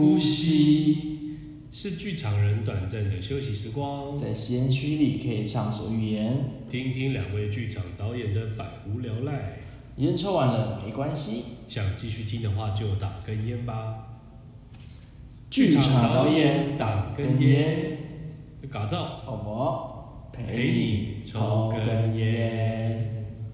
呼吸是劇場人短暫的休息時光，在吸煙區裡可以暢所欲言，聽聽兩位劇場導演的百無聊賴。煙抽完了沒關係，想繼續聽的話就打根煙吧。劇場煙，劇場導演打根煙，嘎造喔，我陪你抽根煙。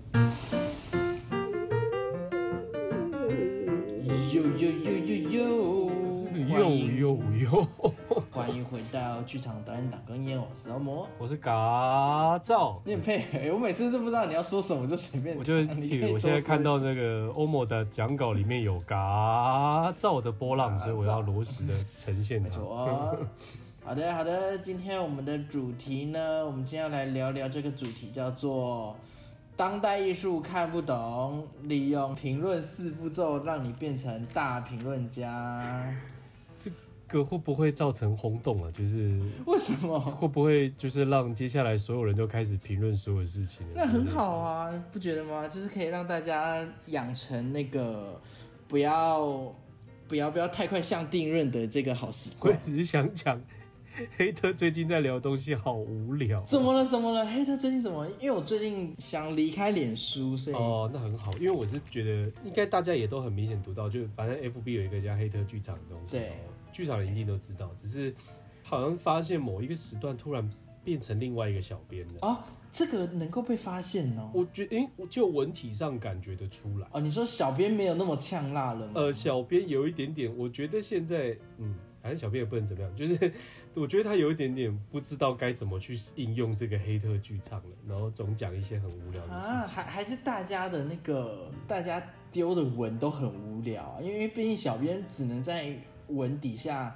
歡迎回到劇場導演黨跟煙，我是歐摩，我是，我是嘎造。你很配，欸，我每次都不知道你要說什麼，就隨便。我就，我、就起我現在看到那個歐摩的講稿裡面有嘎造的波浪，啊，所以我要如實的呈現他。啊， 好的，好的。今天我們的主題呢，我們今天要來聊聊這個主題，叫做當代藝術看不懂，利用評論四步驟讓你變成大評論家。個會不會造成轟動啊？就是為什麼會不會就是讓接下來所有人都開始評論所有事情？那很好啊，是不覺得嗎？就是可以讓大家養成那個不要不要不要太快下定論的這個好習慣。我只是想講，黑特最近在聊東西好無聊啊。怎麼了？怎麼了？黑、hey, 特最近怎麼了？因為我最近想離開臉書，所以哦，那很好，因為我是覺得應該大家也都很明顯讀到，就反正 F B 有一個叫黑特劇場的東西。對。劇場人一定都知道，只是好像發現某一個時段突然變成另外一個小編的啊！這個能夠被發現呢？我覺得，哎、欸，就文體上感覺得出來哦。你說小編沒有那麼嗆辣了嗎？呃，小編有一點點，我覺得現在，嗯，反正小編也不能怎麼樣，就是我覺得他有一點點不知道該怎麼去應用這個黑特劇場了，然後總講一些很無聊的事情，啊、還還是大家的那個大家丟的文都很無聊，因為畢竟小編只能在。文底下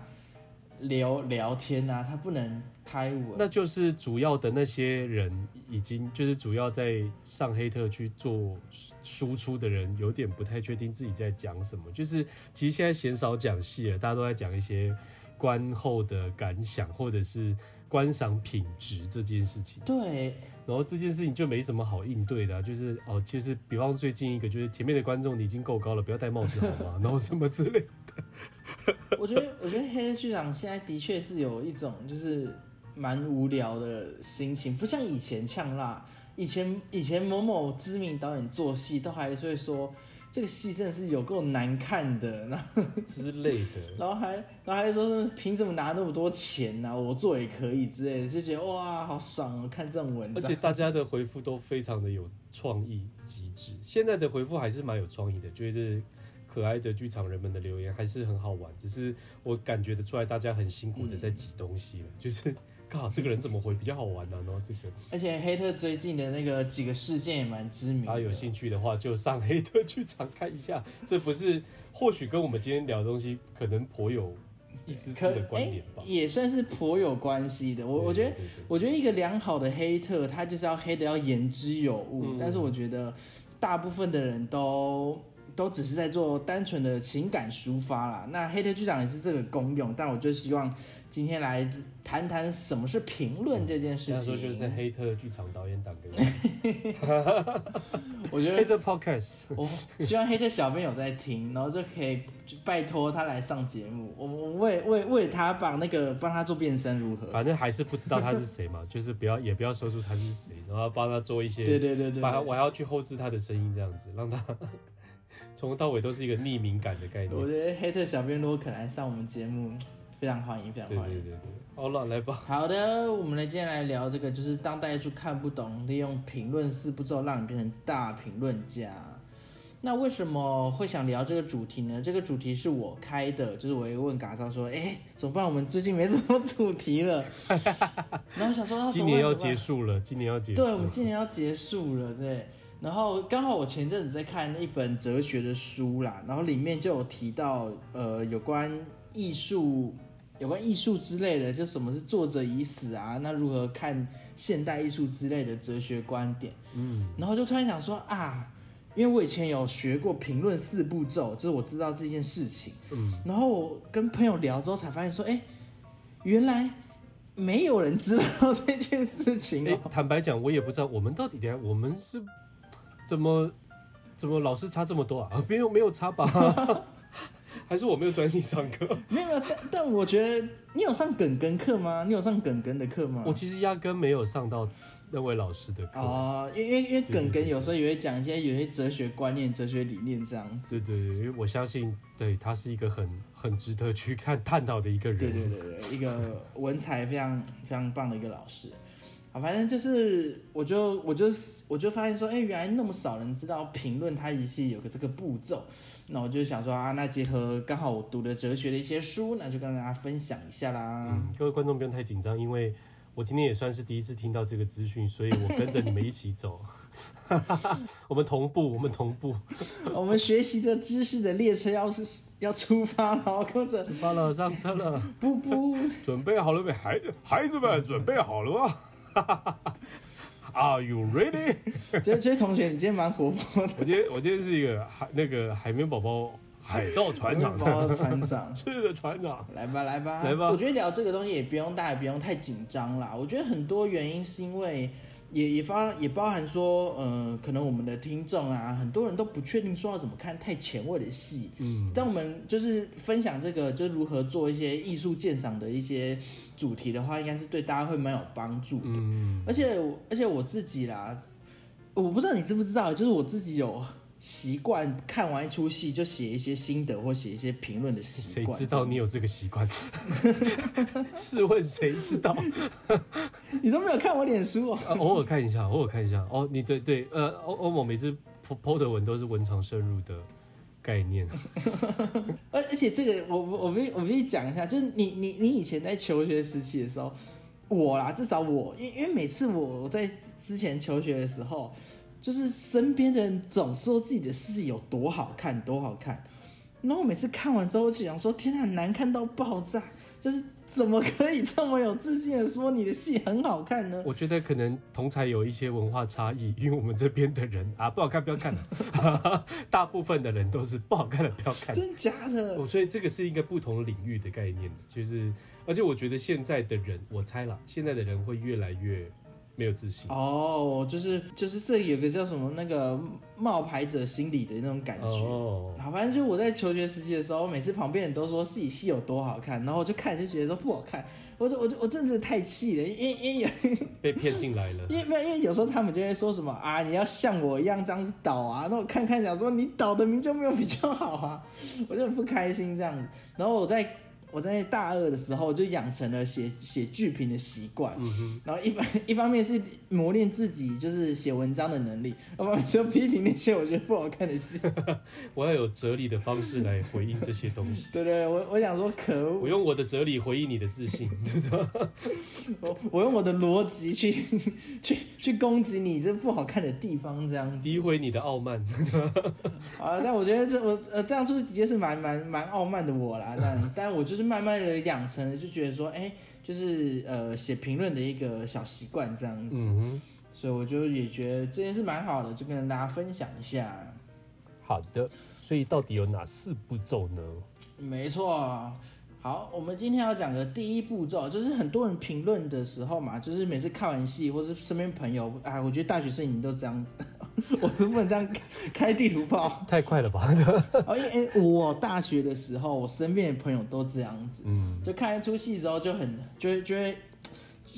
聊聊天啊，他不能拍文。那就是主要的那些人，已經就是主要在上黑特去做輸出的人，有點不太確定自己在講什麼。就是其實現在鮮少講戲了，大家都在講一些觀後的感想，或者是觀賞品質這件事情。對，然後這件事情就沒什麼好應對的啊，就是哦，其實比方最近一個，就是前面的觀眾你已經夠高了，不要戴帽子好嗎？然後什麼之類的。 我覺得，我覺得黑人劇場現在的確是有一種就是蠻無聊的心情，不像以前嗆辣，以前以前某某知名導演做戲都還是會說這個戲真的是有夠難看的，然後之類的，然後還然後還說憑什麼拿那麼多錢啊，我做也可以之類的，就覺得哇，好爽哦，啊，看這種文章，而且大家的回覆都非常的有創意極致，現在的回覆還是蠻有創意的，就是。可愛的劇場人們的留言還是很好玩，只是我感覺得出來大家很辛苦的在擠東西了。嗯、就是，剛好這個人怎麼回比較好玩呢、啊？然後這個。而且黑特最近的那個幾個事件也蠻知名，大家有興趣的話，就上黑特去查看一下。這不是，或許跟我們今天聊的東西可能頗有一絲絲的關聯吧、欸？也算是頗有關係的。我、嗯、我覺得，對對對，我覺得一個良好的黑特，他就是要黑的要言之有物。嗯、但是我覺得，大部分的人都。都只是在做單純的情感抒發啦。那黑特劇場也是這個功用，但我就希望今天來談談什麼是評論這件事情。嗯、說就是黑特劇場導演黨人 我覺得。哈哈哈哈哈。我希望黑特小朋友在聽， 然後就可以拜託他來上節目，我們為為為他把那個幫他做變身如何？反正還是不知道他是誰嘛，就是不要也不要說出他是誰，然後要幫他做一些。 對對對對，對把他。我還要去後製他的聲音，這樣子讓他。 從頭到尾都是一個匿名感的概念。我覺得黑特小編如果肯來上我們節目，非常歡迎，非常歡迎。對對對對，好了，來吧。好的，我們來今天來聊這個，就是當代藝術看不懂，利用評論四步驟讓你變成大評論家。那為什麼會想聊這個主題呢？這個主題是我開的，就是我一問嘎造說，哎、欸，怎麼辦？我們最近沒什麼主題了。然後想說，今年要結束了，今年要結束。對，我們今年要結束了，對。然後剛好我前陣子在看一本哲學的書啦，然後裡面就有提到呃有關藝術、有關藝術之類的，就什麼是作者已死啊？那如何看現代藝術之類的哲學觀點。嗯，然後就突然想說啊，因為我以前有學過評論四步驟，就是我知道這件事情。嗯，然後我跟朋友聊之後才發現說，哎，原來沒有人知道這件事情。哎，坦白講，我也不知道我們到底的，我們是。怎麼，怎麼老師差這麼多啊？沒有，沒有差吧，啊？ 還是我沒有專心上課？ 沒有，但但，我覺得你有上耿耿課嗎？你有上耿耿的課嗎？我其實壓根沒有上到那位老師的課哦，因為因為耿耿有時候也會講一些有些哲學觀念、哲學理念這樣子。對對對，因為我相信，對，他是一個很很值得去看探討的一個人。 對，對對對，一個文采非常非常棒的一個老師。好，反正就是，我就，我就，我就發現說，欸、原來那麼少人知道評論它一系有個這個步驟，那我就想說啊，那結合剛好我讀的哲學的一些書，那就跟大家分享一下啦。嗯，各位觀眾不用太緊張，因為我今天也算是第一次聽到這個資訊，所以我跟着你們一起走， 我們同步，我們同步， 我們學習的知識的列車要是要出發了，跟着出發了，上車了，不不噗，準備好了沒？孩子孩子們準備好了嗎？ Are you ready？這就是同學，你今天蠻活潑的。我今天我今天是一個海那個海綿寶寶海盜船長。海綿船長，是的船長。來吧來吧來吧。來吧來吧我覺得聊這個東西也不用大家 不用太緊張了。我覺得很多原因是因為也也包也包含說，嗯、呃，可能我們的聽眾啊，很多人都不確定說要怎麼看太前衛的戲。嗯。但我們就是分享這個，就是、如何做一些藝術鑑賞的一些。主題的話，應該是對大家會蠻有幫助的。嗯、而且我，而且我自己啦，我不知道你知不知道，就是我自己有習慣看完一出戲就寫一些心得或寫一些評論的習慣。誰知道你有這個習慣？試問誰知道？ 你都沒有看我臉書喔？偶爾看一下，偶爾看一下。哦，你對對，呃，歐歐摩每次 po po 的文都是文長慎入的。概念，而 而且這個我我我必須講一下，就是你你你以前在求學時期的時候，我啦，至少我因因為每次我在之前求學的時候，就是身邊的人總說自己的戲有多好看多好看，然後我每次看完之後就想說，天哪，難看到爆炸。就是怎麼可以這麼有自信的說你的戲很好看呢？我覺得可能同台有一些文化差異，因為我們這邊的人啊，不好看不要看 大部分的人都是不好看的，不要看，真假的？我覺得這個是一個不同領域的概念，就是而且我覺得現在的人，我猜了，現在的人會越來越。沒有自信哦，oh, 就是就是這裡有個叫什麼那個冒牌者心理的那種感覺。哦。好，反正就我在求學時期的時候，我每次旁邊人都說自己戲有多好看，然後我就看就覺得說不好看。我就我就我真的，真的太氣了。因因為被騙進來了。因為，因為， 因為，因為有時候他們就會說什麼啊，你要像我一樣這樣子倒啊，那我看看講說你倒的名就沒有比較好啊，我就很不開心這樣子。然後我在。我在大二的時候就養成了寫寫劇評的習慣，嗯、哼然後一方一方面是磨練自己就是寫文章的能力，一方面就批評那些我覺得不好看的戲。 我要有哲理的方式來回應這些東西。 對，對對，我我想說，可惡。我用我的哲理回應你的自信， 我我用我的邏輯去去去攻擊你這不好看的地方，這樣詆毀你的傲慢。啊， 但我覺得這我呃當初也是蠻蠻蠻傲慢的我啦，但但我就是。慢慢的養成了，就覺得說，哎、欸，就是呃寫評論的一個小習慣這樣子，嗯、哼所以我就也覺得這件事蠻好的，就跟大家分享一下。好的，所以到底有哪四步驟呢？沒錯，好，我們今天要講的第一步驟就是很多人評論的時候嘛，就是每次看完戲或是身邊朋友，啊，我覺得大學生你們都這樣子。 我能不能這樣開地圖炮？ 太快了吧！ 因為我大學的時候，我身邊的朋友都這樣子，就看一出戲之後就很就會，就，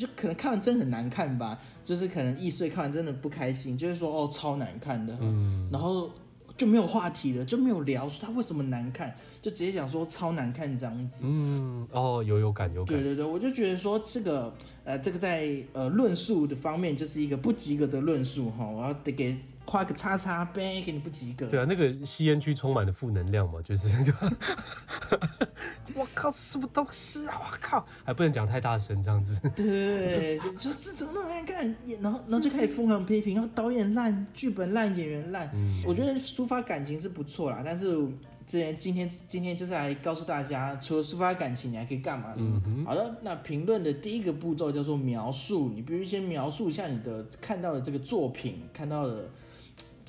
就可能看完真的很難看吧，就是可能一碎，看完真的不開心，就是說哦，超難看的， 然後。就沒有話題了，就沒有聊說他為什麼難看，就直接講說超難看這樣子。嗯，哦，有有感有感。對對對，我就覺得說這個，呃，這個在呃論述的方面就是一個不及格的論述齁，我要得給。畫個叉叉唄，給你不及格。對啊，那個吸煙區充滿了負能量嘛，就是這樣。 我靠，什麼東西啊！我靠，還不能講太大聲，這樣子。對， 就這怎麼那麼難看？然後，然後就開始瘋狂批評，然後導演爛、劇本爛、演員爛。嗯、我覺得抒發感情是不錯啦，但是之前今天今天就是來告訴大家，除了抒發感情，你還可以幹嘛？嗯哼。好的，那評論的第一個步驟叫做描述，你必須先描述一下你的看到的這個作品，看到的。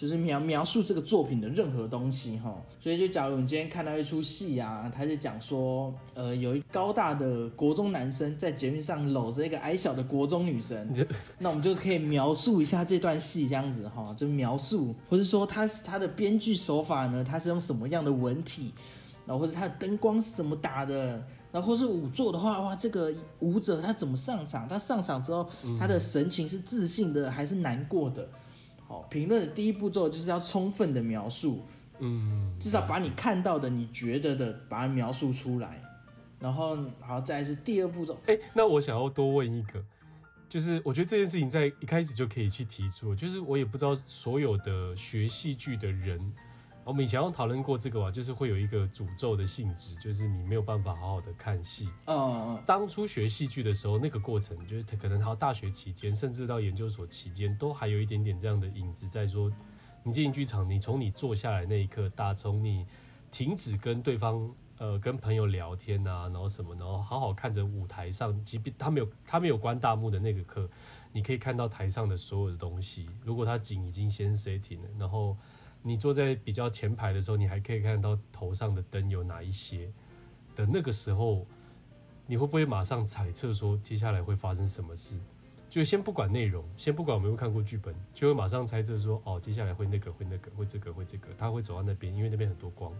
就是描描述這個作品的任何東西哈，所以就假如我們今天看到一出戲啊，他就講說，呃，有一高大的國中男生在捷運上摟着一個矮小的國中女生，那我們就可以描述一下這段戲這樣子哈，就描述，或是說他他的編劇手法呢，他是用什麼樣的文體，然後或者他的燈光是怎麼打的，然後或是舞作的話，哇，這個舞者他怎麼上場，他上場之後他的神情是自信的還是難過的？好，評論的第一步驟就是要充分的描述，嗯，至少把你看到的、理解。你覺得的，把它描述出來，然後，好，再來是第二步驟。哎、欸，那我想要多問一個，就是我覺得這件事情在一開始就可以去提出，就是我也不知道所有的學戲劇的人。我們以前有討論過這個吧，就是會有一個詛咒的性質，就是你沒有辦法好好的看戲、oh. 當初學戲劇的時候，那個過程就是可能到大學期間，甚至到研究所期間，都還有一點點這樣的影子在說：你進劇場，你從你坐下來那一刻，打從你停止跟對方呃跟朋友聊天啊，然後什麼，然後好好看着舞台上，即便他沒有他沒有關大幕的那個刻，你可以看到台上的所有的東西。如果他景已經先 setting 了，然後。你坐在比較前排的時候，你還可以看到頭上的燈有哪一些等，那個時候，你會不會馬上猜測說，接下來會發生什麼事？就先不管內容，先不管有沒有看過劇本，就會馬上猜測說哦，接下來會那個會那個，會這個會這個，他會走到那邊，因為那邊很多光。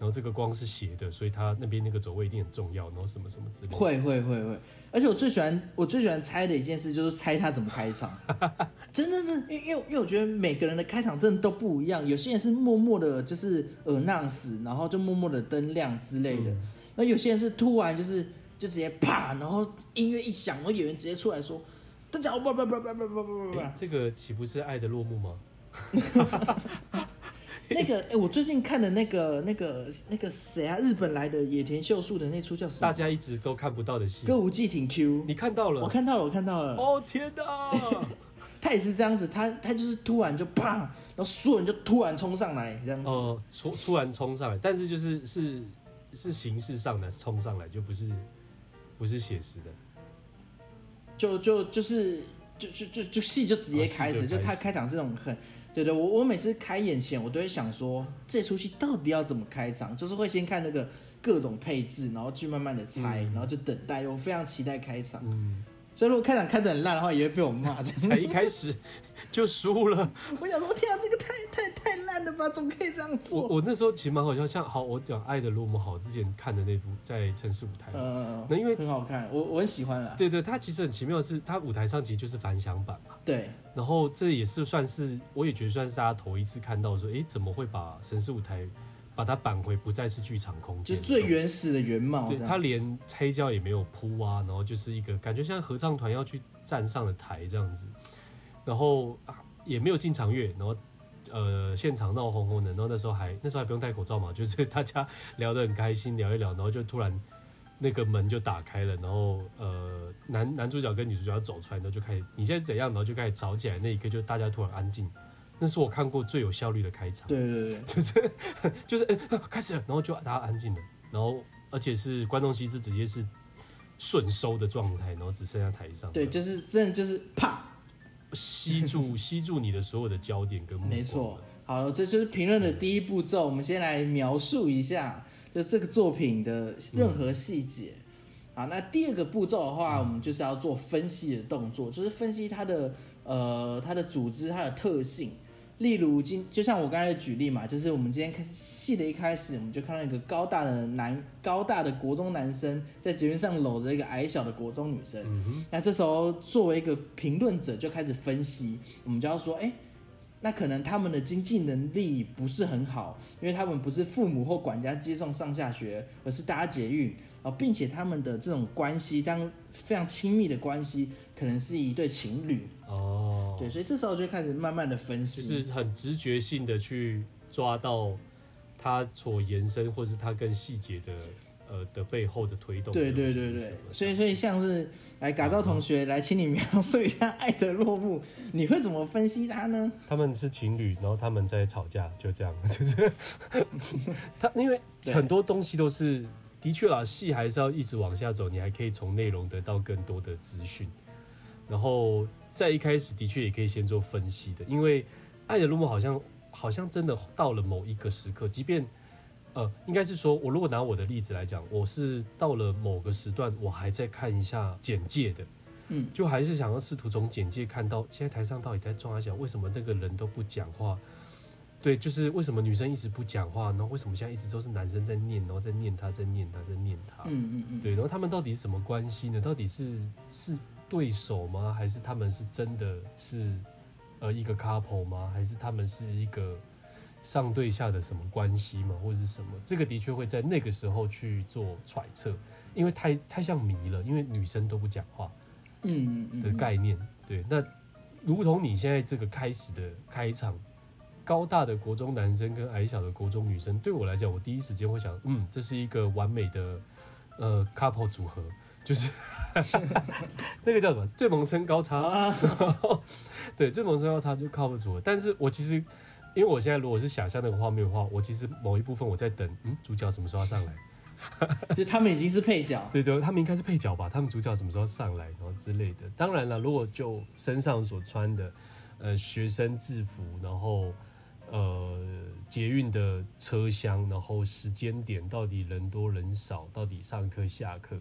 然後這個光是斜的，所以它那邊那個走位一定很重要。然後什麼什麼之類，會會會會。而且我最喜歡我最喜歡猜的一件事就是猜他怎麼開場。 真的真的，因因為因為我覺得每個人的開場真的都不一樣。有些人是默默的，就是呃那死，嗯、然後就默默的燈亮之類的。那、嗯、有些人是突然就是就直接啪，然後音樂一響，然後演員直接出來說：“大家哦，不不不不不不不不不。呃”欸、這個豈不是愛的落幕嗎？ 那個哎、欸，我最近看的那個、那個、那個誰啊，日本來的野田秀樹的那出叫什麼？大家一直都看不到的戲，歌舞伎挺 Q。你看到了，我看到了，我看到了。哦天吶、啊，他 也是這樣子，他他就是突然就啪，然後所有人就突然衝上來這樣子。哦，突突然衝上來，但是就是是是形式上的衝上來，就不是不是寫實的，就就就是就就就就戲就，就直接開始，哦、就，開始就他開，開場這種很。對對，我我每次開演前，我都會想說這出戲到底要怎麼開場，就是會先看那個各種配置，然後去慢慢的猜，嗯、然後就等待。我非常期待開場，嗯、所以如果開場開得很爛的話，也會被我罵在才一開始。 就輸了，我想說，天啊，這個太太太爛了吧！怎麼可以這樣做。我，我那時候其實蠻好笑，像好，我講《愛的落幕》好，之前看的那部在城市舞台，嗯嗯嗯，那因為很好看，我我很喜歡啦。對，對對，它其實很奇妙的是，是它舞台上其實就是反響板嘛。對。然後這也是算是，我也覺得算是大家頭一次看到說，說、欸、哎，怎麼會把城市舞台把它搬回不再是劇場空間？就最原始的原貌。對，它連黑膠也沒有鋪啊，然後就是一個感覺像合唱團要去站上了台這樣子。然後、啊、也沒有進場樂，然後呃現場鬧哄哄的，然後那時候還那時候還不用戴口罩嘛，就是大家聊得很開心，聊一聊，然後就突然那個門就打開了，然後呃男男主角跟女主角走出來，然後就開始你現在是怎樣，然後就開始吵起來，那一刻就大家突然安靜，那是我看過最有效率的開場。對，對對對，就是就是哎、欸、開始了，然後就大家安靜了，然後而且是觀眾席是直接是順收的狀態，然後只剩下台上。對，就是真的就是啪。吸住，吸住你的所有的焦點跟目光。沒錯，好，這就是評論的第一步驟。我們先來描述一下，就這個作品的任何細節。嗯、好，那第二個步驟的話，我們就是要做分析的動作，就是分析它的呃它的組織、它的特性。例如，今就像我剛才的舉例嘛，就是我們今天看戲的一開始，我們就看到一個高大的男、高大的國中男生在捷運上摟着一個矮小的國中女生。嗯、哼那這時候，作為一個評論者，就開始分析，我們就要說，哎，那可能他們的經濟能力不是很好，因為他們不是父母或管家接送上下學，而是搭捷運啊、哦，並且他們的這種關係，當非常親密的關係，可能是一對情侶哦。對，所以這時候就開始慢慢的分析，就是很直覺性的去抓到它所延伸，或是它更細節的呃的背後的推動的。對對對對，所以所以像是來嘎造同學、嗯、來，請你描述一下《愛的落幕》，你會怎麼分析它呢？他們是情侶，然後他們在吵架，就這樣，就是他， 因為很多東西都是的確啦，戲還是要一直往下走，你還可以從內容得到更多的資訊，然後。在一開始的確也可以先做分析的，因為《愛的路》好像好像真的到了某一個時刻，即便呃，應該是說，我如果拿我的例子來講，我是到了某個時段，我還在看一下簡介的，嗯，就還是想要試圖從簡介看到現在台上到底在抓。講為什麼那個人都不講話，對，就是為什麼女生一直不講話，然後為什麼現在一直都是男生在念，然後在念他，在念他，在念他，念他對，然後他們到底是什麼關係呢？到底是是。對手嗎？還是他們是真的是，呃，一個 couple 嗎？還是他們是一個上對下的什麼關係嗎？或者是什麼？這個的確會在那個時候去做揣測，因為太太像謎了。因為女生都不講話，嗯嗯的概念，對。那如同你現在這個開始的開場，高大的國中男生跟矮小的國中女生，對我來講，我第一時間會想，嗯，這是一個完美的呃 couple 組合。就是，那個叫什麼最萌身高差啊？對，最萌身高差就靠不住了。但是我其實，因為我現在如果是想象那個畫面的話，我其實某一部分我在等，嗯，主角什麼時候要上來？就他們已經是配角。 對對，對，他們應該是配角吧？他們主角什麼時候要上來？然後之類的。當然了，如果就身上所穿的，呃，學生制服，然後，呃，捷運的車廂，然後時間點到底人多人少，到底上課下課。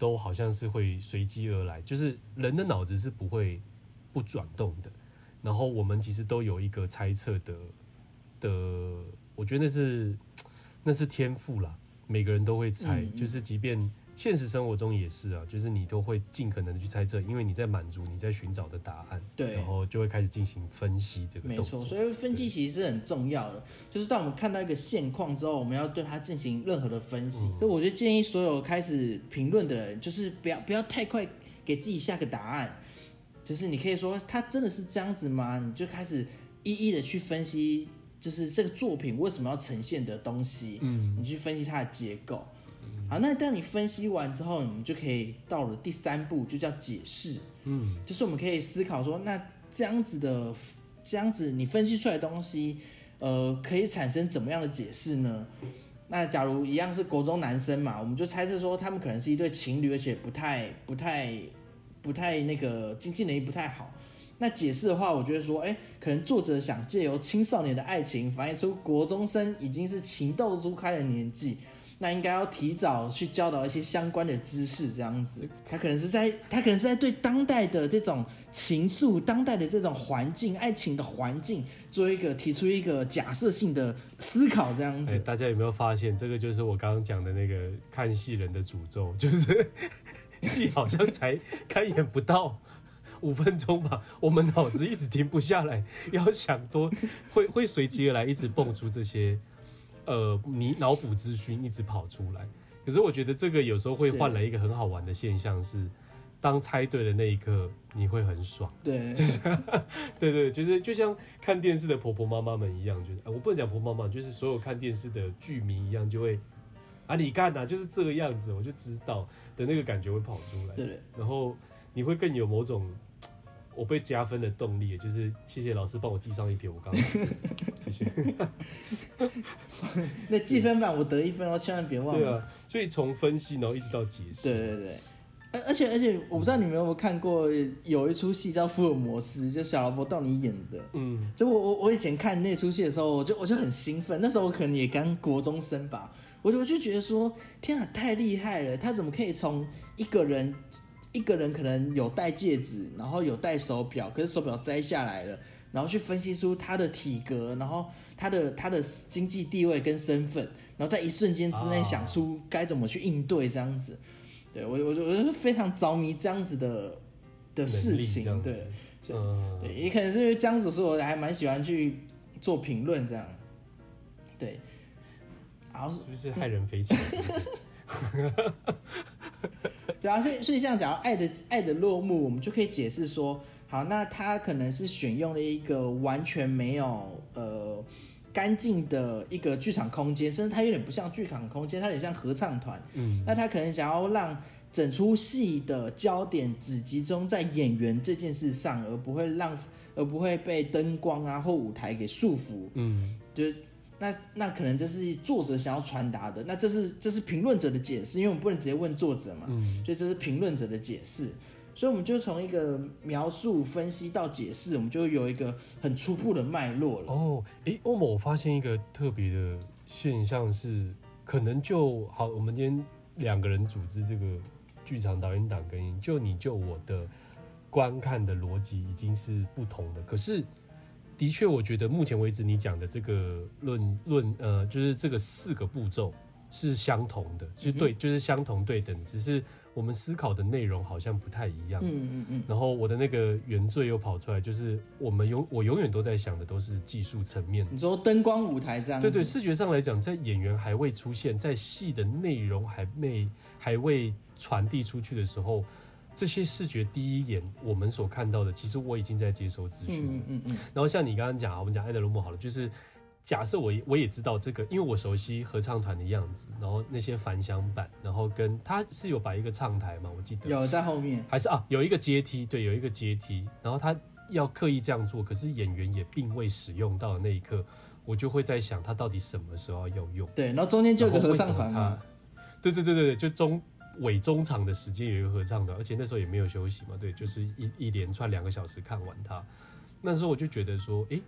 都好像是會隨機而來，就是人的腦子是不會不轉動的。然後我們其實都有一個猜測的的，我覺得那是那是天賦啦，每個人都會猜，嗯、就是即便。現實生活中也是啊，就是你都會盡可能的去猜測，因為你在滿足你在尋找的答案，對，然後就會開始進行分析這個動作。沒錯，所以分析其實是很重要的。對就是當我們看到一個現況之後，我們要對它進行任何的分析。嗯，所以，我就建議所有開始評論的人，就是不要不要太快給自己下個答案，就是你可以說它真的是這樣子嗎？你就開始一一的去分析，就是這個作品為什麼要呈現的東西，嗯，你去分析它的結構。好，那當你分析完之後，你們就可以到了第三步，就叫解釋。嗯，就是我們可以思考說，那這樣子的，這樣子你分析出來的東西，呃，可以產生怎麼樣的解釋呢？那假如一樣是國中男生嘛，我們就猜測說他們可能是一對情侶，而且不太、不太、不太那個經濟能力不太好。那解釋的話，我覺得說，哎、欸，可能作者想借由青少年的愛情，反映出國中生已經是情竇初開的年紀。那應該要提早去教導一些相關的知識，這樣子，他可能是在他可能是在對當代的這種情愫、當代的這種環境、愛情的環境做一個提出一個假設性的思考，這樣子、哎。大家有沒有發現，這個就是我剛剛講的那個看戲人的詛咒，就是戲好像才開演不到五分鐘吧，我們腦子一直停不下來，要想說會會隨機而來，一直蹦出這些。呃，你腦補資訊一直跑出來，可是我覺得這個有時候會換來一個很好玩的現象是，對當猜對的那一刻，你會很爽。對，就是，對對，就是就像看電視的婆婆媽媽們一樣，就是、呃、我不能講婆婆媽媽，就是所有看電視的劇迷一樣，就會啊，你看啊，就是這個樣子，我就知道的那個感覺會跑出來。對，對，然後你會更有某種。我被加分的動力也就是謝謝老師幫我記上一撇，我剛，謝謝。那記分板，我得一分哦，千萬別忘了。對啊，所以從分析然後一直到解釋。對對對，而而且而且我不知道你們有沒有看過有一出戲叫《福爾摩斯》，就小勞勃道尼演的。嗯。就我我我以前看那出戲的時候，我就我就很興奮。那時候我可能也剛國中生吧，我就我就覺得說，天啊，太厲害了，他怎麼可以從一個人。一個人可能有戴戒指，然後有戴手錶，可是手錶摘下來了，然後去分析出他的體格，然後他的他的經濟地位跟身份，然後在一瞬間之內想出該怎麼去應對這樣子。哦、對我我我就是非常着迷這樣子的的事情，對，嗯，以嗯對，也可能是這樣子，所以我還蠻喜歡去做評論這樣，對，然後是不是害人匪淺？ 對啊，所以所以像假如愛的愛的落幕，我們就可以解釋說，好，那他可能是選用了一個完全沒有呃乾淨的一個劇場空間，甚至它有點不像劇場空間，它有點像合唱團。嗯，嗯，那他可能想要讓整出戲的焦點只集中在演員這件事上，而不會讓而不會被燈光啊或舞台給束縛。嗯，就是。那那可能這是作者想要傳達的，那這是這是評論者的解釋，因為我們不能直接問作者嘛，嗯，所以這是評論者的解釋。所以我們就從一個描述、分析到解釋，我們就有一個很初步的脈絡了。哦，哎，歐摩，我發現一個特別的現象是，可能就好，我們今天兩個人組織這個劇場導演黨跟你就你就我的觀看的邏輯已經是不同的，可是。的確，我覺得目前為止你講的這個論論呃，就是這個四個步驟是相同的，就是、對，就是相同對等，只是我們思考的內容好像不太一樣。嗯嗯嗯。然後我的那個原罪又跑出來，就是我們永我永遠都在想的都是技術層面的。你說燈光舞台這樣。對，對對，視覺上來講，在演員還未出現，在戲的內容還沒還未傳遞出去的時候。這些視覺第一眼我們所看到的，其實我已經在接收資訊。嗯嗯嗯。然後像你剛剛講啊，我們講埃德羅姆好了，就是假設我我也知道這個，因為我熟悉合唱團的樣子，然後那些反響板，然後跟他是有擺一個唱台嘛，我記得有在後面，還是啊有一個階梯，對，有一個階梯，然後他要刻意這樣做，可是演員也並未使用到的那一刻，我就會在想他到底什麼時候要用？對，然後中間就有個合唱團嘛，對對對對對，就中。尾中場的時間有一個合唱團，而且那時候也沒有休息嘛，對，就是一一連串兩個小時看完它。那時候我就覺得說，誒、欸，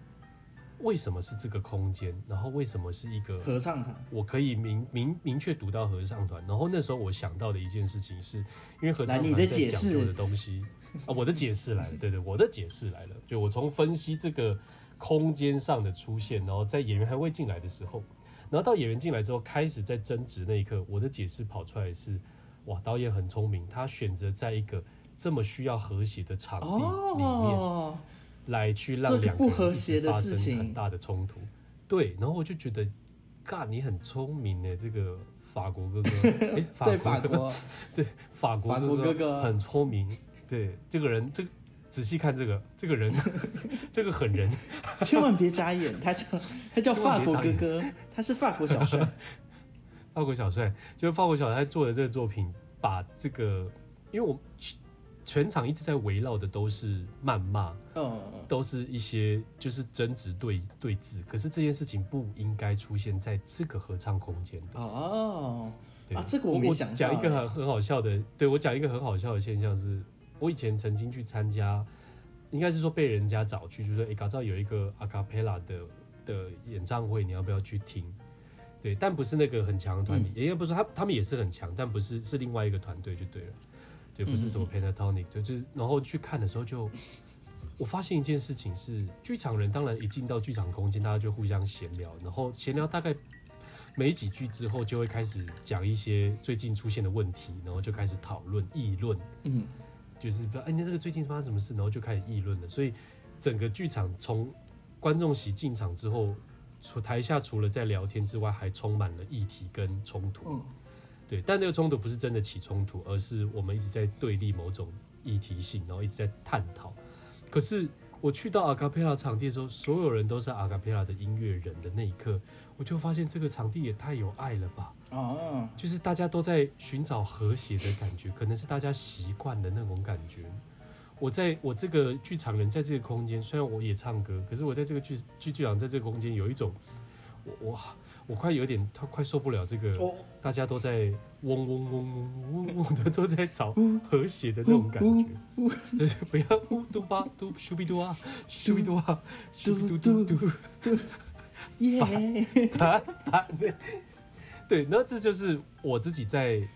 為什麼是這個空間？然後為什麼是一個合唱團？我可以明明明確讀到合唱團。然後那時候我想到的一件事情是，因為合唱團在講究的東西的啊，我的解釋來了，對，對對，我的解釋來了。就我從分析這個空間上的出現，然後在演員還未進來的時候，然後到演員進來之後開始在爭執那一刻，我的解釋跑出來是。哇，導演很聰明，他選擇在一個這麼需要和諧的場地裡面，哦、來去讓兩個不和諧的事情發生很大的衝突。對，然後我就覺得，干，你很聰明哎，這個法國哥哥，哎、 欸，法國，對，法國哥哥，法國哥哥很聰明。對，這個人，這仔細看這個，這個人， 這個狠很人， 千萬別眨眼，他叫他叫法國哥哥， 他是法國小帥。 法國小帥，就是法國小帥做的這個作品，把這個，因為我全全場一直在圍繞的都是謾罵，嗯，uh. 都是一些就是爭執對對峙，可是這件事情不應該出現在這個合唱空間的哦。Oh. 對啊，這個我沒想到。我講一個很很好笑的，對，我講一個很好笑的現象是，我以前曾經去參加，應該是說被人家找去，就說欸，搞到有一個 a cappella 的的演唱會，你要不要去聽？對，但不是那個很強的團體，也該、嗯、不是他，他們也是很強，但不是是另外一個團隊就對了，對，不是什麼 Panatonic，、嗯嗯、就就是然後去看的時候就，我發現一件事情是，劇場人當然一進到劇場空間，大家就互相閒聊，然後閒聊大概沒幾句之後，就會開始講一些最近出現的問題，然後就開始討論議論，嗯，就是不知道哎，你那個最近發生什麼事，然後就開始議論了，所以整個劇場從觀眾席進場之後。除台下除了在聊天之外，還充滿了議題跟衝突，對。但那個衝突不是真的起衝突，而是我們一直在對立某種議題性，然後一直在探討。可是我去到阿卡貝拉場地的時候，所有人都是阿卡貝拉的音樂人的那一刻，我就發現這個場地也太有愛了吧！哦，uh-huh. 就是大家都在尋找和諧的感覺，可能是大家習慣的那種感覺。我在我這個劇場人，在這個空間，雖然我也唱歌，可是我在這個劇劇劇場，在這個空間，有一種，我我我快有點，快受不了這個，大家都在嗡嗡嗡嗡嗡嗡的，都在找和諧的那種感覺，就是嗡不要嘟嘟啊，嘟嘟嘟啊，嘟嘟啊，嘟嘟嘟嘟，耶啊 Yeah.，對，對，那這就是我自己在。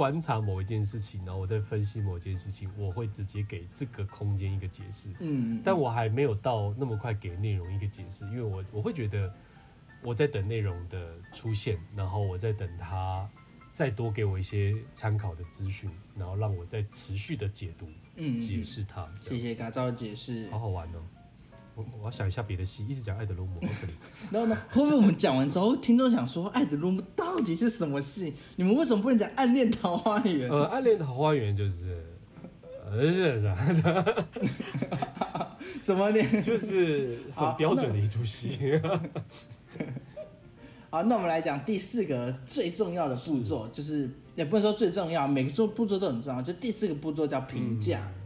觀察某一件事情，然後我在分析某一件事情，我會直接給這個空間一個解釋。嗯，嗯，但我還沒有到那麼快給內容一個解釋，因為我我會覺得我在等內容的出現，然後我在等他再多給我一些參考的資訊，然後讓我再持續的解讀、解釋它。嗯嗯嗯、謝謝大家的解釋，好好玩哦。我要想一下別的戲，一直講《愛的羅密歐》。然後呢，會不會我們講完之後， 聽眾想說，《愛的羅密歐》到底是什麼戲？你們為什麼不能講《暗戀桃花源》？呃，《暗戀桃花源》就是，是是。怎麼連？就是很標準的一出戲。 好，那我們來講第四個最重要的步驟，就是,是也不能說最重要，每個步驟都很重要。就第四個步驟叫評價。嗯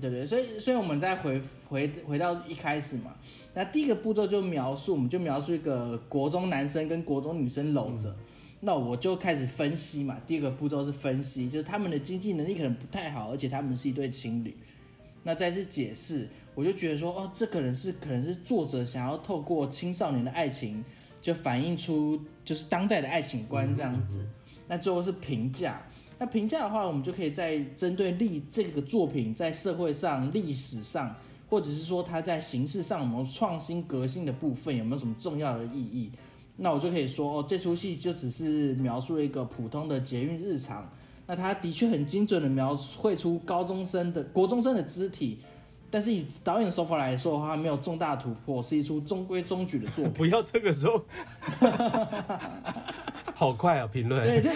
對不對？所以，所以我們再回回回到一開始嘛，那第一個步驟就描述，我們就描述一個國中男生跟國中女生摟着，嗯、那我就開始分析嘛。第二個步驟是分析，就是他們的經濟能力可能不太好，而且他們是一對情侶。那再次解釋，我就覺得說，哦，這可能是可能是作者想要透過青少年的愛情，就反映出就是當代的愛情觀這樣子。嗯嗯嗯、那最後是評價。那評價的話，我們就可以再針對歷這個作品在社會上、歷史上，或者是說它在形式上有沒有創新革新的部分，有沒有什麼重要的意義？那我就可以說，哦，這出戲就只是描述了一個普通的捷運日常。那它的確很精準的描繪出高中生的、國中生的肢體，但是以導演手法來說的話，它沒有重大突破，是一出中規中矩的作品。不要這個時候。好快啊！評論對，就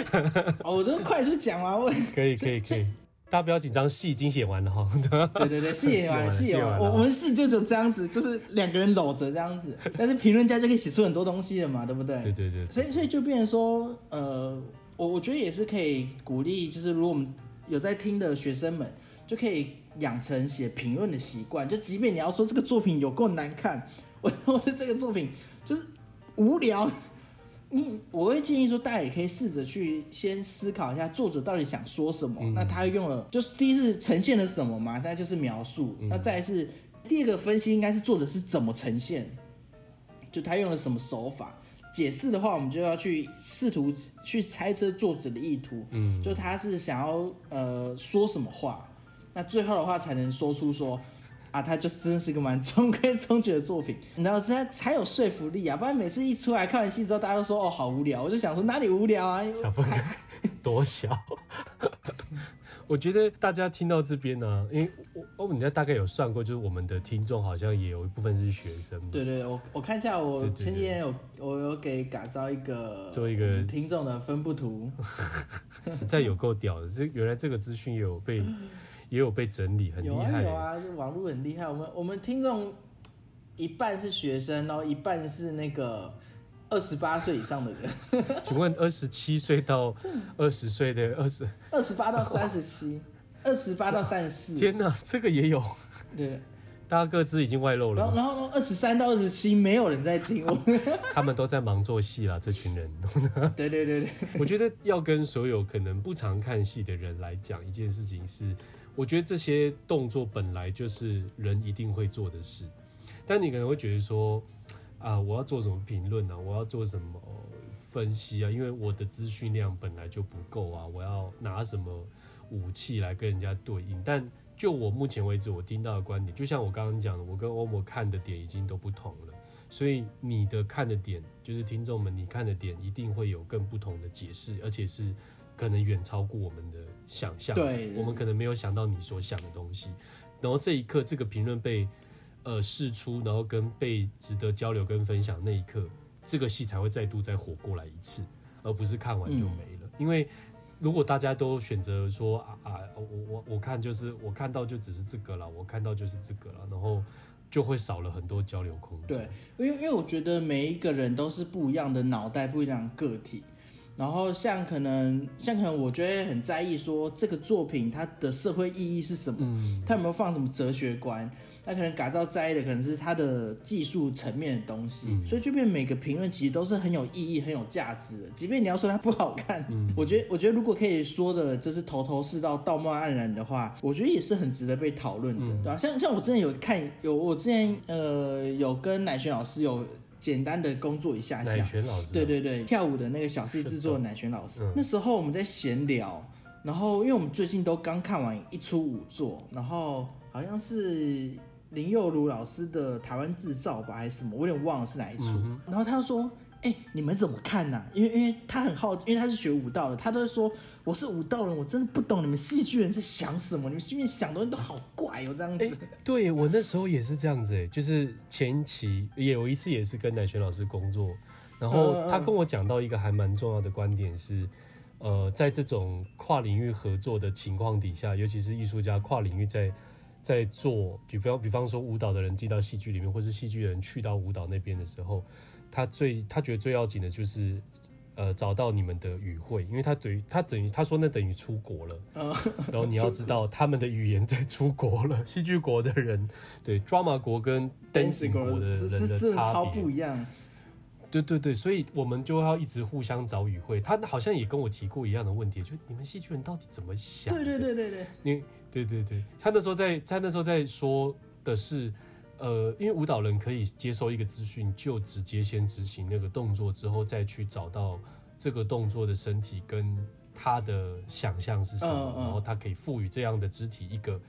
我都快速講完，我可以可以可以，可以可以，大家不要緊張，戲已經寫完了哈。 對對對，寫完了。完，我我們戲就就這樣子，就是兩個人摟着這樣子， 但是評論家就可以寫出很多東西了嘛，對不對？ 對對對，對，所以所以就變成說，呃，我我覺得也是可以鼓勵，就是如果我們有在聽的學生們，就可以養成寫評論的習慣，就即便你要說這個作品有夠難看，我我是這個作品就是無聊。你我會建議說，大家也可以試着去先思考一下作者到底想說什麼。那他用了就是第一次呈現了什麼嘛？大家就是描述。那再一次，第二個分析應該是作者是怎麼呈現，就他用了什麼手法。解釋的話，我們就要去試圖去猜測作者的意圖。就是他是想要呃說什麼話？那最後的話才能說出說。啊，他就真的是一個蠻中規中矩的作品，然後這才有說服力啊！不然每次一出來看完戲之後，大家都說哦好無聊，我就想說哪裡無聊啊？小峰哥 多小？我覺得大家聽到這邊呢、啊，因為我哦，你家大概有算過，就是我們的聽眾好像也有一部分是學生嘛。對對，我我看一下，我前幾天有對對對對我有給嘎造一個做一個聽眾的分布圖，實在有夠屌的！這 原來這個資訊也有被。也有被整理很厲害有、啊，有啊，這網絡很厲害。我們我們聽眾一半是學生，然後一半是那個二十八歲以上的人。 請問二十七歲到二十歲的二十二十八到三十七，二十八到三十四。天哪，啊，這個也有。對了，大家各自已經外露了。然後，然後二十三到二十七沒有人在聽我， 他們都在忙做戲啦。這群人， 對對對對。我覺得要跟所有可能不常看戲的人來講一件事情是。我覺得這些動作本來就是人一定會做的事，但你可能會覺得說，啊，我要做什麼評論啊？我要做什麼分析啊？因為我的資訊量本來就不夠啊，我要拿什麼武器來跟人家對應？但就我目前為止我聽到的觀點，就像我剛剛講的，我跟歐摩看的點已經都不同了，所以你的看的點就是聽眾們你看的點，一定會有更不同的解釋，而且是。可能遠超過我們的想象，對，我們可能沒有想到你所想的東西，然後這一刻這個評論被，呃，釋出，然後跟被值得交流跟分享那一刻，這個戲才會再度再活過來一次，而不是看完就沒了。因為如果大家都選擇說啊啊，我我我看就是我看到就只是這個了，我看到就是這個了，然後就會少了很多交流空間。對，因為因為我覺得每一個人都是不一樣的腦袋，不一樣的個體。然後像可能像可能，我覺得很在意說這個作品它的社會意義是什麼，嗯、它有沒有放什麼哲學觀？它可能改造在意的可能是它的技術層面的東西。嗯、所以這邊每個評論其實都是很有意義、很有價值的。即便你要說它不好看，嗯、我覺得我覺得如果可以說的就是頭頭是道、道貌岸然的話，我覺得也是很值得被討論的，嗯、對吧、啊？像像我之前有看有我之前呃有跟乃璇老師有。簡單的工作一下下，啊、對對對，跳舞的那個小事製作的乃璇老師，嗯、那時候我們在閒聊，然後因為我們最近都剛看完一出舞作，然後好像是林佑儒老師的台灣制造吧，還是什麼，我有點忘了是哪一出，嗯、哼然後他說。哎、欸，你們怎麼看呢、啊？因為，因為他很好奇，因為他是學舞蹈的，他都會說我是舞蹈人，我真的不懂你們戲劇人在想什麼，你們戲劇人想的人都好怪哦、喔，這樣子。欸、對我那時候也是這樣子、欸，哎，就是前期也有一次也是跟乃軒老師工作，然後他跟我講到一個還蠻重要的觀點是，呃，呃，在這種跨領域合作的情況底下，尤其是藝術家跨領域在在做，比方比方說舞蹈的人進到戲劇裡面，或是戲劇人去到舞蹈那邊的時候。他最他覺得最要緊的就是，呃，找到你們的語彙，因為他等於他等於他說那等於出國了，oh. 然後你要知道他們的語言在出國了，戲劇國的人對，Drama 國跟 Dancing 國的人的差別，對對對，所以我們就要一直互相找語彙。他好像也跟我提過一樣的問題，就你們戲劇人到底怎麼想？對對對對對，你對,對對對，他那時候在他那時候在說的是。呃，因為舞蹈人可以接收一個資訊，就直接先執行那個動作，之後再去找到這個動作的身體跟他的想象是什麼，uh, uh. 然後他可以賦予這樣的肢體一個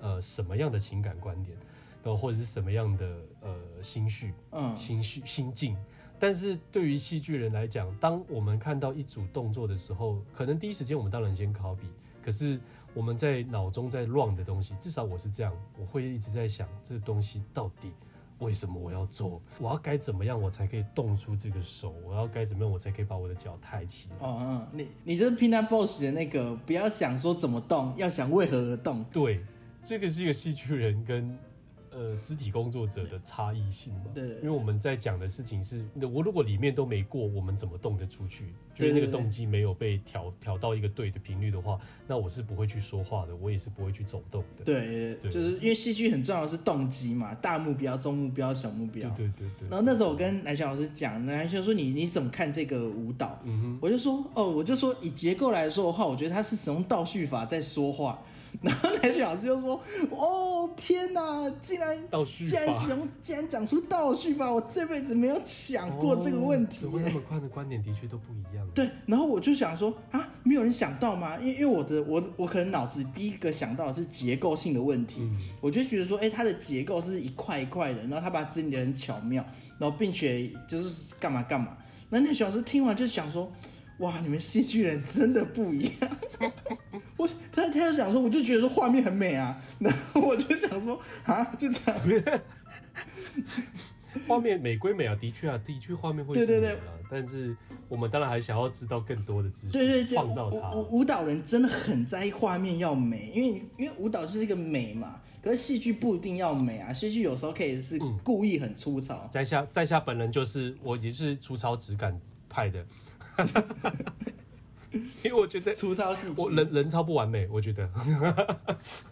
呃什麼樣的情感觀點，然後或者是什麼樣的呃心緒，嗯，心緒心境。Uh. 但是對於戲劇人來講，當我們看到一組動作的時候，可能第一時間我們當然先拷貝。可是我們在腦中在亂的東西，至少我是這樣，我會一直在想這東西到底為什麼我要做，我要該怎麼樣我才可以動出這個手，我要該怎麼樣我才可以把我的腳抬起來。嗯、哦、嗯，你你就是 Pina Bausch 的那個，不要想說怎麼動，要想為何而動。對，這個是一個戲劇人跟。呃，肢體工作者的差異性嘛，對，對，對，對，因為我們在講的事情是，我如果裡面都沒過，我們怎麼動得出去？就是那個動機沒有被調調到一個對的頻率的話，那我是不會去說話的，我也是不會去走動的。對，對，對，對，對。就是因為戲劇很重要的是動機嘛，大目標、中目標、小目標。對對對，對，然後那時候我跟南翔老師講，南翔說你：“你你怎麼看這個舞蹈？”嗯哼，我就說：“哦，我就說以結構來說的話，我覺得他是使用倒敘法在說話。”然後那老師就說：“哦天哪，竟然，倒敘，竟然使用，竟然講出倒敘吧，我這輩子沒有想過這個問題。”他們看的觀點的確都不一樣。對，然後我就想說啊，沒有人想到嗎？因為因為我的我我可能腦子第一個想到的是結構性的問題，嗯、我就覺得說，誒，它的結構是一塊一塊的，然後他把整理的很巧妙，然後並且就是幹嘛幹嘛。那那老師聽完就想說。哇，你們戲劇人真的不一樣！ 我他他就想說，我就覺得說畫面很美啊，然後我就想說啊，就這樣。畫 面美歸美啊，的確啊，的確畫面會是美啊。對對對，但是我們當然還想要知道更多的知識，創造它。舞舞蹈人真的很在意畫面要美，因為因為舞蹈就是一個美嘛。可是戲劇不一定要美啊，戲劇有時候可以是故意很粗糙。嗯，在下在下本人就是，我已經是粗糙質感派的。 因為我覺得，人超不完美，我覺得。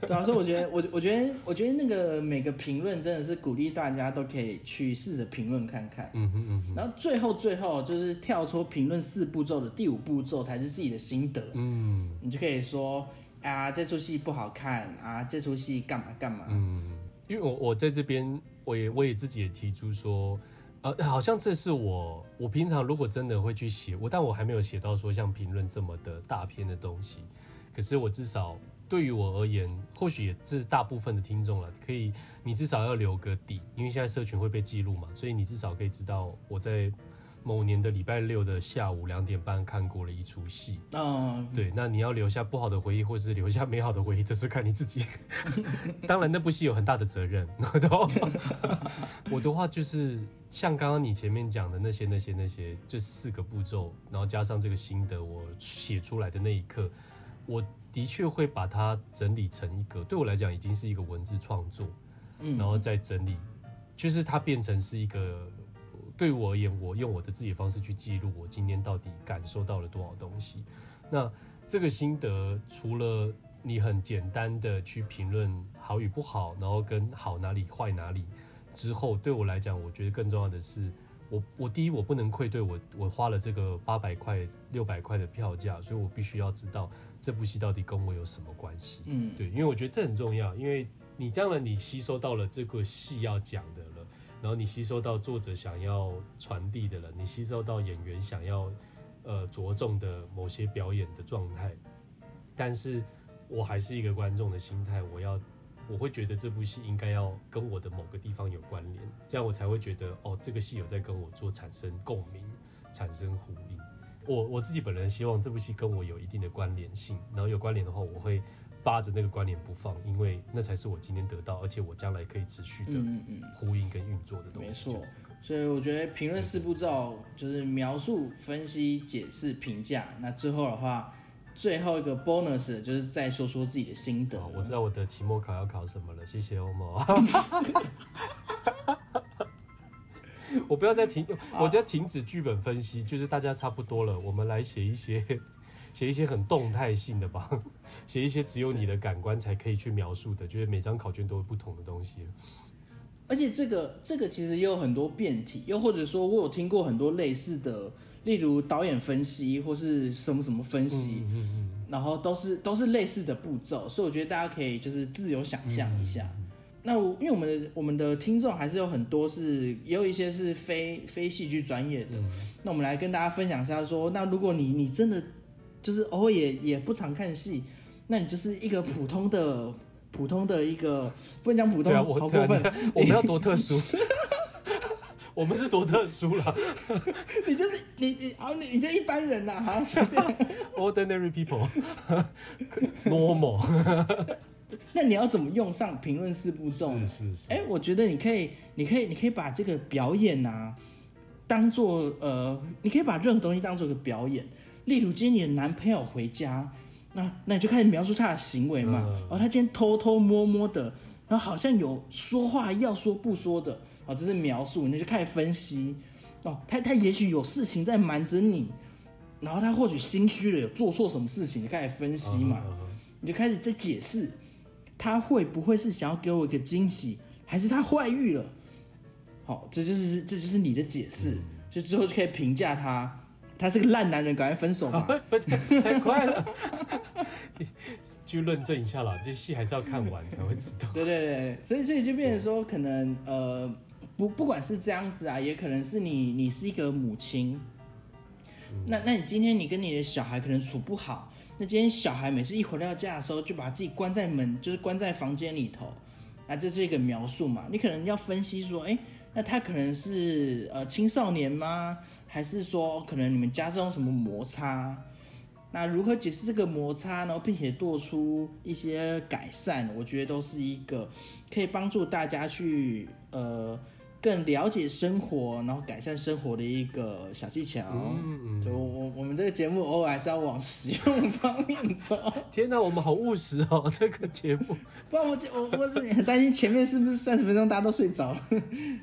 然後我覺得，我我覺得， 對啊，我覺得，我，覺得我覺得那個每個評論真的是鼓勵大家都可以去試着評論看看。嗯嗯，然後最後最後就是跳出評論四步驟的第五步驟才是自己的心得。嗯。你就可以說，啊，這出戲不好看啊，這出戲幹嘛幹嘛。嗯。因為我我在這邊，我也我也自己也提出說。呃，好像這是我，我平常如果真的會去寫，我但我還沒有寫到說像評論這麼的大篇的東西。可是我至少對於我而言，或許也是大部分的聽眾啦，可以你至少要留個底，因為現在社群會被記錄嘛，所以你至少可以知道我在。某年的禮拜六的下午兩點半看過了一出戲。嗯，oh. 對，那你要留下不好的回憶，或是留下美好的回憶，都是看你自己。 當然，那部戲有很大的責任。 我的話就是，像剛剛你前面講的那些、那些、那些，這四個步驟，然後加上這個心得，我寫出來的那一刻，我的確會把它整理成一個，對我來講已經是一個文字創作。然後再整理，嗯、就是它變成是一個。對我而言，我用我的自己的方式去記錄我今天到底感受到了多少東西。那這個心得，除了你很簡單的去評論好與不好，然後跟好哪裡、壞哪裡之後，對我來講，我覺得更重要的是，我我第一我不能愧對我我花了這個八百塊、六百塊的票價，所以我必須要知道這部戲到底跟我有什麼關係。嗯，對，因為我覺得這很重要，因為你當然你吸收到了這個戲要講的。然後你吸收到作者想要傳遞的了，你吸收到演員想要，呃着重的某些表演的狀態，但是我還是一個觀眾的心態，我要我會覺得這部戲應該要跟我的某個地方有關聯，這樣我才會覺得哦，這個戲有在跟我做產生共鳴，產生呼應。我我自己本人希望這部戲跟我有一定的關聯性，然後有關聯的話，我會扒着那個關聯不放，因為那才是我今天得到，而且我將來可以持續的呼應跟運作的東西，這個嗯嗯。沒錯，所以我覺得評論四步驟就，就是描述、分析、解釋、評價。那最後的話，最後一個 bonus 就是再說說自己的心得。我知道我的期末考要考什麼了，謝謝歐摩。 我不要再停，我就要停止劇本分析，好就是大家差不多了，我們來寫一些，寫一些很動態性的吧，寫一些只有你的感官才可以去描述的，對就是每張考卷都有不同的東西。而且這個這個其實也有很多變體，又或者說我有聽過很多類似的，例如導演分析或是什麼什麼分析，嗯嗯，嗯嗯然後都是都是類似的步驟，所以我覺得大家可以就是自由想象一下。嗯嗯那我因為我們的我們的聽眾還是有很多是也有一些是非非戲劇專業的。嗯、那我們來跟大家分享一下說，說那如果你你真的就是偶爾、哦、也也不常看戲，那你就是一個普通的普通的一個不能講普通，好、嗯、過分，我,你 我們要多特殊， 我們是多特殊了， 你就是你你啊你你就一般人吶哈，ordinary people，normal。 便 那你要怎麼用上評論四步驟哎是、欸，我覺得你可以，你可以，你可以把這個表演啊當，當做呃，你可以把任何東西當做一個表演。例如，今天你的男朋友回家，那那你就開始描述他的行為嘛。嗯、哦，他今天偷偷摸摸的，然後好像有說話要說不說的。哦，這是描述，你就開始分析。哦，他他也許有事情在瞞着你，然後他或許心虛了，有做錯什麼事情。你就開始分析嘛，嗯嗯嗯嗯你就開始在解釋。他會不會是想要給我一個驚喜，還是他外遇了？好、喔，這就是這就是你的解釋，嗯、就之後就可以評價他，他是個爛男人，趕快分手吧！太快了， 去論證一下啦，這戲還是要看完才會知道。對對對，所以所以就變成說，可能對呃，不不管是這樣子啊，也可能是你你是一個母親，嗯、那那你今天你跟你的小孩可能處不好。那今天小孩每次一回到家的時候，就把自己關在門，就是關在房間裡頭。那這是一個描述嘛？你可能要分析說，哎、欸，那他可能是呃青少年嗎？還是說可能你們家中什麼摩擦？那如何解釋這個摩擦呢？並且做出一些改善，我覺得都是一個可以幫助大家去呃。更了解生活，然後改善生活的一個小技巧。嗯，嗯。我，我我們這個節目偶爾還是要往實用方面走。天哪，我們好務實哦， 這個節目。不然我我我很擔心前面是不是三十分鐘大家都睡着了。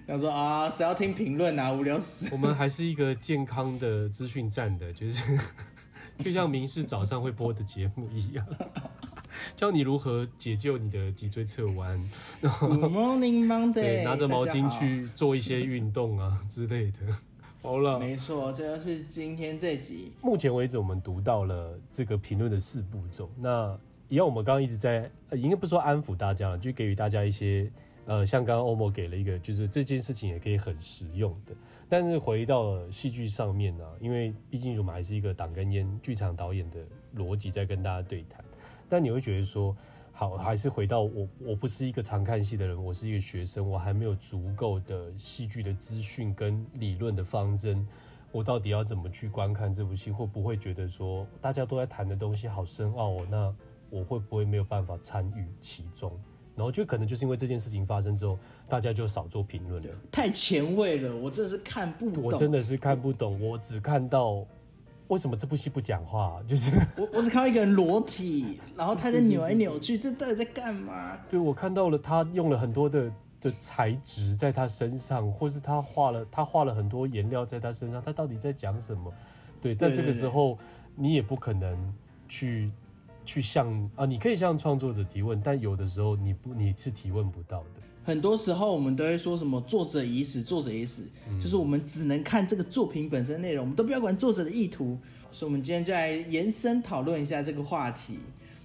他 說啊，誰要聽評論啊，無聊死。我們還是一個健康的資訊站的，就是 就像民視早上會播的節目一樣。 教你如何解救你的脊椎側彎 morning Monday，對，拿着毛巾去做一些運動啊之類的，好了，沒錯，這就是今天這集。目前為止，我們讀到了這個評論的四步驟。那以後我們剛剛一直在，應該不說安撫大家，就給予大家一些，呃，像剛剛歐摩給了一個，就是這件事情也可以很實用的。但是回到戲劇上面呢，啊，因為畢竟我們還是一個黨根煙劇場導演的邏輯在跟大家對談。但你會覺得說，好，還是回到我，我不是一個常看戲的人，我是一個學生，我還沒有足夠的戲劇的資訊跟理論的方針，我到底要怎麼去觀看這部戲？會不會覺得說，大家都在談的東西好深奧哦？那我會不會沒有辦法參與其中？然後就可能就是因為這件事情發生之後，大家就少做評論了。太前衛了，我真的是看不懂，我真的是看不懂，我只看到。為什麼這部戲不講話啊？就是我我只看到一個人裸體， 然後他在扭來扭去， 這到底在幹嘛？對，我看到了他用了很多的的材質在他身上，或是他畫了他畫了很多顏料在他身上，他到底在講什麼？對，但這個時候你也不可能去。去向啊，你可以向創作者提問，但有的時候你不，你是提問不到的。很多時候我們都會說什麼作者已死，作者已死，嗯、就是我們只能看這個作品本身內容，我們都不要管作者的意圖。所以，我們今天就來延伸討論一下這個話題。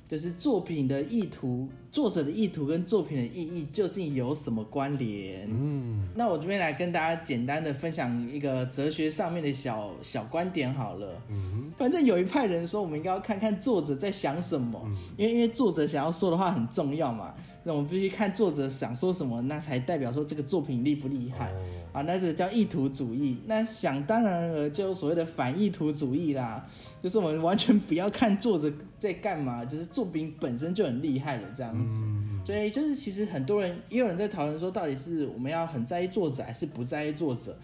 就是作品的意圖，作者的意圖跟作品的意義究竟有什麼關聯？嗯，那我這邊來跟大家簡單的分享一個哲學上面的小小觀點好了。嗯哼，反正有一派人說，我們應該要看看作者在想什麼，嗯、哼因為因為作者想要說的話很重要嘛。那我們必須看作者想說什麼，那才代表說這個作品厲不厲害 oh, oh, oh. 啊？那就叫意圖主義。那想當然了，就所謂的反意圖主義啦，就是我們完全不要看作者在幹嘛，就是作品本身就很厲害了這樣子。Mm hmm. 所以就是其實很多人也有人在討論說，到底是我們要很在意作者還是不在意作者？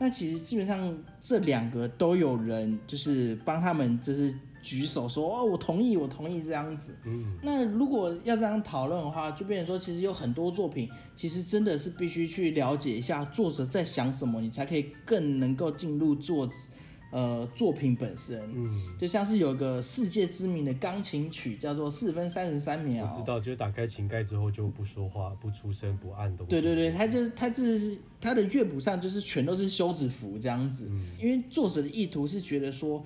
那其實基本上這兩個都有人就是幫他們就是。舉手說哦，我同意，我同意這樣子。嗯，那如果要這樣討論的話，就變成說，其實有很多作品，其實真的是必須去了解一下作者在想什麼，你才可以更能夠進入作，呃，作品本身。嗯，就像是有一個世界知名的鋼琴曲叫做四分三十三秒，我知道，就是打開琴蓋之後就不說話、不出聲、不按的。對對對，它就它就是它的樂譜上就是全都是休止符這樣子。嗯，因為作者的意圖是覺得說。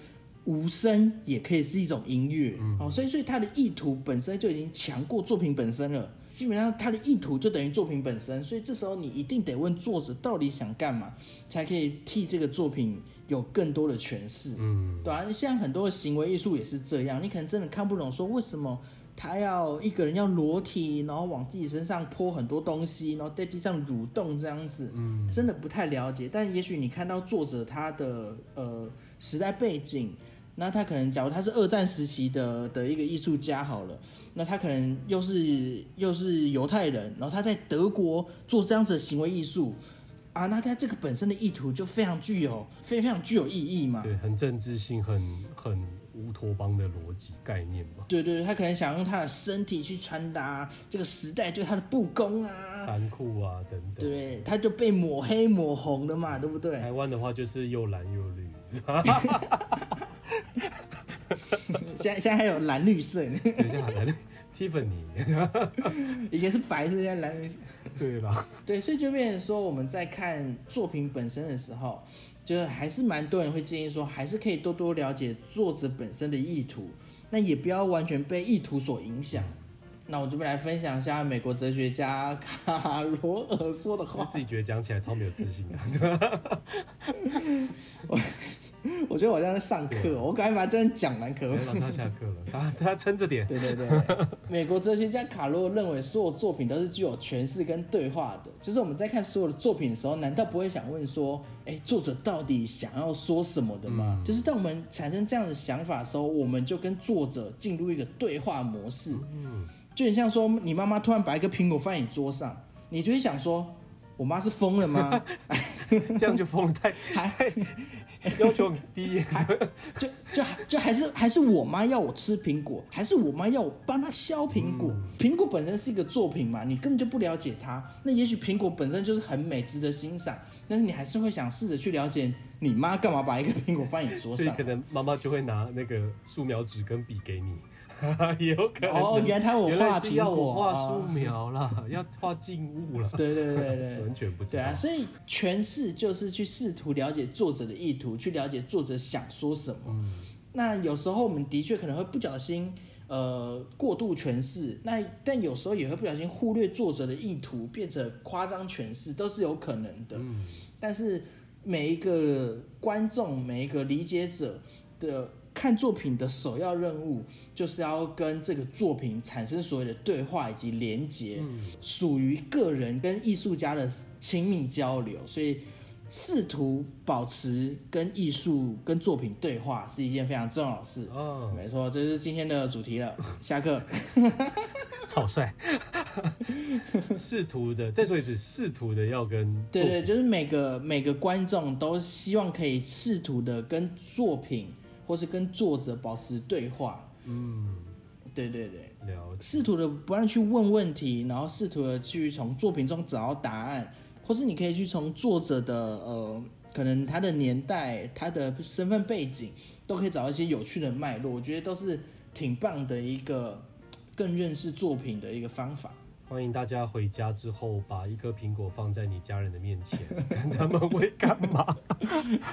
無聲也可以是一種音樂，哦，所以所以他的意圖本身就已經強過作品本身了，基本上他的意圖就等於作品本身，所以這時候你一定得問作者到底想幹嘛，才可以替這個作品有更多的詮釋，嗯，對啊，像很多的行為藝術也是這樣，你可能真的看不懂，說為什麼他要一個人要裸體，然後往自己身上潑很多東西，然後在地上蠕動這樣子，嗯，真的不太了解，但也許你看到作者他的呃時代背景，那他可能，假如他是二戰時期的的一個藝術家好了，那他可能又是又是猶太人，然後他在德國做這樣子的行為藝術，啊，那他這個本身的意圖就非常具有，非常具有意義嘛。對，很政治性，很很烏托邦的邏輯概念嘛。對對對，他可能想用他的身體去傳達這個時代對他的不公啊、殘酷啊等等。對，他就被抹黑抹紅了嘛，嗯、對不對？台灣的話就是又藍又綠。哈哈哈哈哈！哈， 現在現在還有藍綠色，等一下，藍綠 ，Tiffany， 以前是白色，色現在藍綠色，對吧？對，所以就變成說，我們在看作品本身的時候，就是還是蠻多人會建議說，還是可以多多了解作者本身的意圖，那也不要完全被意圖所影響。嗯那我這邊來分享一下美國哲學家卡羅爾說的。我自己覺得講起來超沒有自信的。 對 我我覺得好像對 我像在上課，我感覺把他這講蠻可。馬上下課了，大家撐着點。對對對， 美國哲學家卡羅爾認為，所有作品都是具有詮釋跟對話的。就是我們在看所有的作品的時候，難道不會想問說：“哎，作者到底想要說什麼的嗎？”就是當我們產生這樣的想法的時候，我們就跟作者進入一個對話模式。嗯。嗯就很像說，你媽媽突然把一個蘋果放在你桌上，你就會想說，我媽是瘋了嗎？ 這樣就瘋了，太還要求你低，還 就就就還是還是我媽要我吃蘋果，還是我媽要我幫她削蘋果？嗯、蘋果本身是一個作品嘛，你根本就不了解它。那也許蘋果本身就是很美，值得欣賞，但是你還是會想試着去了解你媽幹嘛把一個蘋果放在你桌上。所以可能媽媽就會拿那個素描紙跟筆給你。 有可能哦，原來我，原來要我畫素描了，要畫靜物了。對對對對，完全不在。所以詮釋就是去試圖了解作者的意圖，去了解作者想說什麼。那有時候我們的確可能會不小心呃過度詮釋，那但有時候也會不小心忽略作者的意圖，變成誇張詮釋，都是有可能的。但是每一個觀眾，每一個理解者，的看作品的首要任務，就是要跟這個作品產生所謂的對話以及連接，屬於個人跟藝術家的親密交流。所以，試圖保持跟藝術、跟作品對話是一件非常重要的事。哦，沒錯，這是今天的主題了。下課，草 率 超帥，試 圖的再說一次，試圖的要跟。對對，就是每個每個觀眾都希望可以試圖的跟作品。或是跟作者保持對話，嗯，對對對，了解。試圖的不讓去問問題，然後試圖的去從作品中找到答案，或是你可以去從作者的呃，可能他的年代、他的身份背景，都可以找一些有趣的脈絡，我覺得都是挺棒的一個更認識作品的一個方法。歡迎大家回家之後，把一顆蘋果放在你家人的面前，看 他們會幹嘛。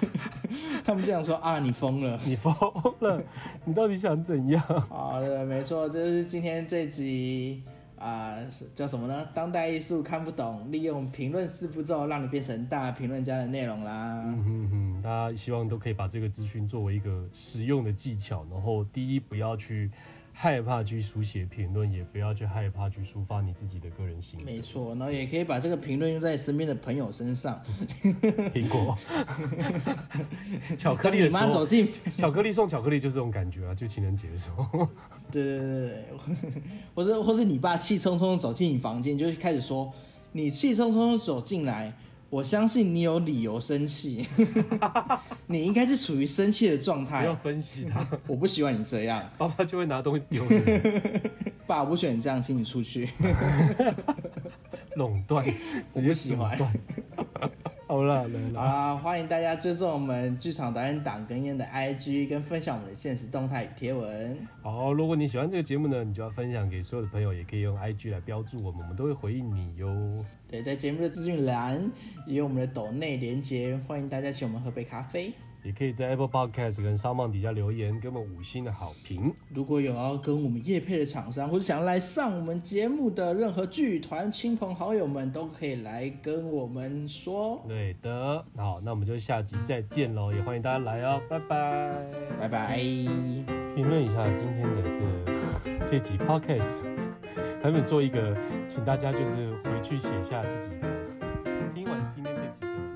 他們這樣說啊，你瘋了，你瘋了，你到底想怎樣？好的，沒錯，這就是今天這集啊、呃，叫什麼呢？當代藝術看不懂，利用評論四步驟讓你變成大評論家的內容啦。嗯哼哼，大家希望都可以把這個資訊作為一個實用的技巧，然後第一不要去。害怕去書寫評論，也不要去害怕去抒發你自己的個人心情。沒錯，然後也可以把這個評論用在身邊的朋友身上。蘋 蘋果， 巧克力的時候， 媽走進 巧克力送巧克力，就是這種感覺啊，就情人節的時候。 對對對對，或者或是你爸氣沖沖走進你房間，就開始說，你氣沖沖走進來。我相信你有理由生氣， 你應該是處於生氣的狀態。我不要分析他，我不喜歡你這樣。 爸爸就會拿東西丟人。 爸，我不喜歡你這樣，請你出去。壟 斷， 直接斷我不喜歡。 好啦，好啦，oh, right, right, right. 啊，歡迎大家追蹤我們劇場導演黨跟演的 IG，跟分享我們的現實動態與貼文。好，oh, 如果你喜歡這個節目呢，你就要分享給所有的朋友，也可以用 IG 來標注我們，我們都會回應你喲。對，在節目的資訊欄也有我們的斗內連結，歡迎大家請我們喝杯咖啡。也可以在 Apple Podcast 跟 SoundOn 底下留言，給我們五星的好評。如果有要跟我們業配的廠商，或是想要來上我們節目的任何劇團、親朋好友們，都可以來跟我們說。對的，好，那我們就下集再見嘍，也歡迎大家來哦、喔，拜拜，拜拜 bye。評論一下今天的這這集 podcast，還有沒有做一個，請大家就是回去寫下自己的聽完今天這集的。